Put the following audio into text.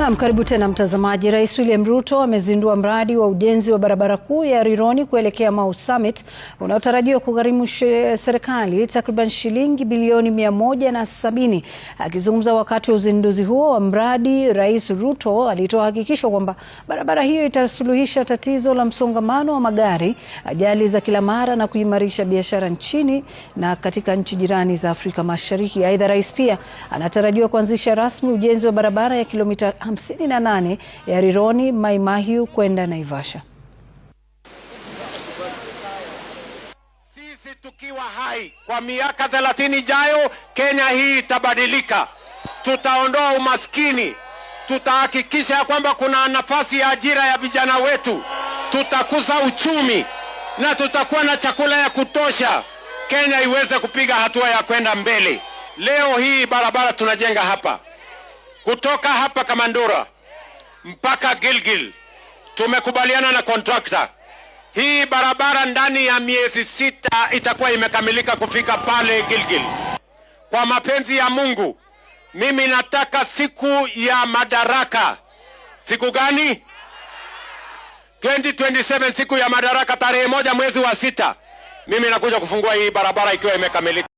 Naam, karibu tena mtazamaji. Rais William Ruto amezindua mradi wa ujenzi wa barabara kuu ya Rironi kuelekea Mau Summit unaotarajiwa kugharimu serikali takriban shilingi bilioni mia moja na sabini. Akizungumza wakati wa uzinduzi huo wa mradi, Rais Ruto alitoa hakikisho kwamba barabara hiyo itasuluhisha tatizo la msongamano wa magari, ajali za kila mara na kuimarisha biashara nchini na katika nchi jirani za Afrika Mashariki. Aidha, rais pia anatarajiwa kuanzisha rasmi ujenzi wa barabara ya kilomita hamsini na nane ya Rironi Maimahiu kwenda Naivasha. Sisi tukiwa hai kwa miaka 30 ijayo, Kenya hii itabadilika. Tutaondoa umaskini, tutahakikisha ya kwamba kuna nafasi ya ajira ya vijana wetu, tutakuza uchumi na tutakuwa na chakula ya kutosha, Kenya iweze kupiga hatua ya kwenda mbele. Leo hii barabara tunajenga hapa kutoka hapa Kamandura mpaka Gilgil. Tumekubaliana na kontrakta, hii barabara ndani ya miezi sita itakuwa imekamilika kufika pale Gilgil. Kwa mapenzi ya Mungu, mimi nataka siku ya madaraka. Siku gani? 2027 siku ya madaraka, tarehe moja mwezi wa sita, mimi nakuja kufungua hii barabara ikiwa imekamilika.